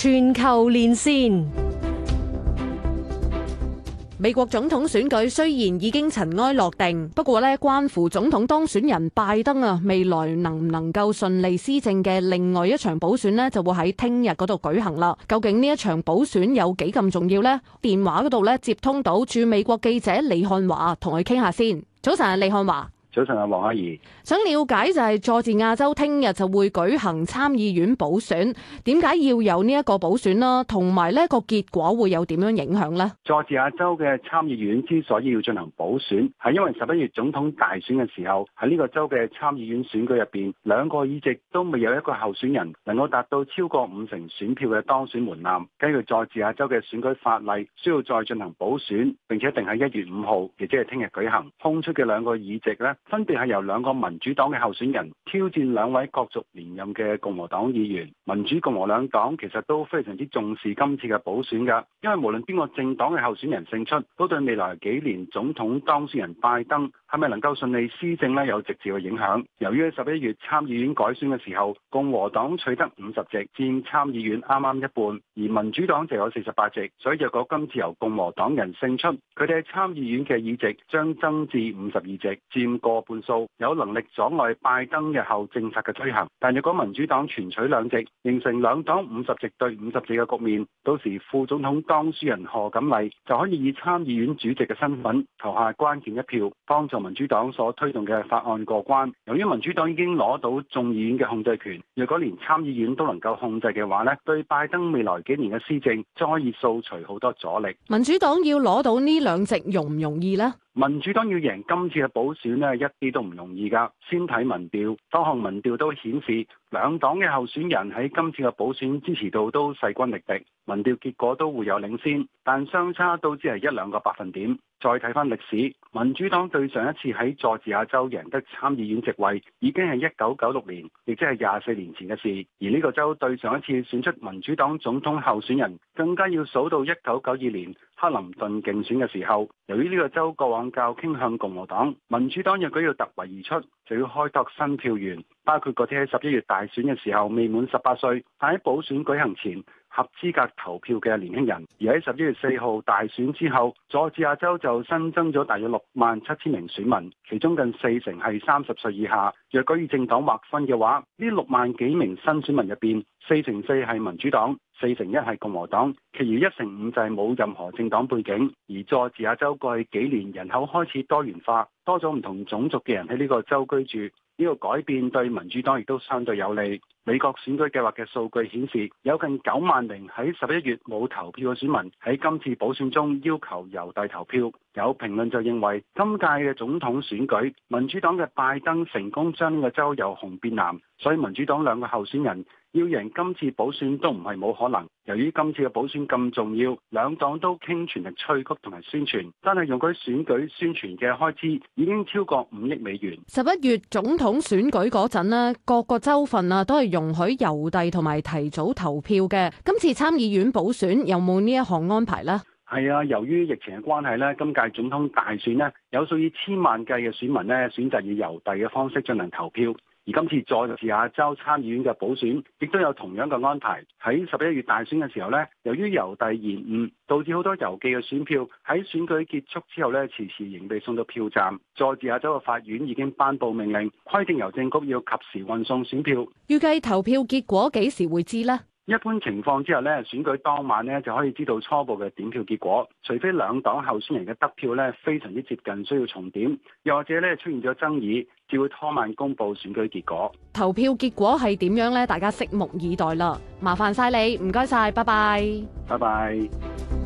全球連線，美國總統選舉雖然已經塵埃落定，不過呢，關乎總統當選人拜登啊，未來能唔能夠順利施政嘅另外一場補選呢，就會喺聽日嗰度舉行啦。究竟呢一場補選有幾咁重要呢？電話嗰度呢接通到駐美國記者李漢華，同佢傾下先。早晨，李漢華。早晨阿黃阿宜，想了解就係、是、佐治亞州聽日就會舉行參議院補選，點解要有補呢一個補選啦？同埋呢個結果會有點樣影響呢？佐治亞州嘅參議院之所以要進行補選，係因為十一月總統大選嘅時候喺呢個州嘅參議院選舉入邊，兩個議席都未有一個候選人能夠達到超過五成選票嘅當選門檻，根據佐治亞州嘅選舉法例，需要再進行補選，並且定喺一月五號，亦即係聽日舉行，空出嘅兩個議席呢。分別係由兩個民主黨嘅候選人挑戰兩位國族連任嘅共和黨議員，民主共和兩黨其實都非常之重視今次嘅補選㗎，因為無論邊個政黨嘅候選人勝出，都對未來幾年總統當選人拜登係咪能夠順利施政呢有直接嘅影響。由於喺十一月參議院改選嘅時候，共和黨取得五十席，佔參議院啱啱一半，而民主黨就有四十八席，所以若果今次由共和黨人勝出，佢哋喺參議院嘅議席將增至五十二席，佔過半數有能力阻礙拜登日後政策嘅推行。但若果民主黨全取兩席，形成兩黨五十席對五十席嘅局面，到時副總統當選人何錦麗就可以以參議院主席嘅身份投下關鍵一票，幫助民主黨所推動嘅法案過關。由於民主黨已經攞到眾議院嘅控制權，若果連參議院都能夠控制嘅話咧，對拜登未來幾年嘅施政，將可以掃除好多阻力。民主黨要攞到呢兩席容唔容易呢？民主黨要贏今次嘅補選呢，一啲都唔容易㗎。先睇民調，多項民調都顯示兩黨嘅候選人喺今次嘅補選支持度都勢均力敵，民調結果都會有領先，但相差都只係一兩個百分點。再睇翻歷史，民主黨對上一次喺佐治亞州贏得參議院席位，已經係一九九六年，亦即係廿四年前嘅事。而呢個州對上一次選出民主黨總統候選人，更加要數到一九九二年克林頓競選嘅時候。由於呢個州過往較傾向共和黨，民主黨若果要突圍而出，就要開拓新票源，包括嗰天喺十一月大選嘅時候未滿十八歲，但喺補選舉行前，合資格投票嘅年輕人，而喺十一月四號大選之後，佐治亞州就新增咗大約六萬七千名選民，其中近四成係三十歲以下。若果以政黨劃分嘅話，呢六萬幾名新選民入邊，四成四係民主黨，四成一係共和黨，其餘一成五就係冇任何政黨背景。而佐治亞州過去幾年人口開始多元化，多咗唔同種族嘅人喺呢個州居住。呢個改變對民主黨亦都相對有利。美國選舉計劃嘅數據顯示，有近九萬名喺十一月冇投票嘅選民喺今次補選中要求郵遞投票。有評論就認為，今屆嘅總統選舉，民主黨嘅拜登成功將呢個州由紅變藍，所以民主黨兩個候選人，要贏今次補選都唔係冇可能，由於今次嘅補選咁重要，兩黨都傾全力催谷同埋宣傳，但係用嗰啲選舉宣傳嘅開支已經超過五億美元。十一月總統選舉嗰陣，各個州份啊都係容許郵遞同埋提早投票嘅。今次參議院補選有冇呢一項安排呢？係啊，由於疫情嘅關係呢，今屆總統大選呢，有數以千萬計嘅選民呢，選擇以郵遞嘅方式進行投票。而今次佐治亞州參議院嘅補選，亦都有同樣嘅安排。喺十一月大選嘅時候咧，由於郵遞延誤，導致好多郵寄嘅選票喺選舉結束之後呢，遲遲仍被送到票站。佐治亞州嘅法院已經頒布命令，規定郵政局要及時運送選票。預計投票結果幾時會知呢？一般情況之下咧，選舉當晚咧就可以知道初步嘅點票結果，除非兩黨候選人嘅得票咧非常之接近，需要重點，又或者咧出現咗爭議，只會拖慢公佈選舉結果。投票結果係點樣咧？大家拭目以待啦！麻煩晒你，唔該晒，拜拜，拜拜。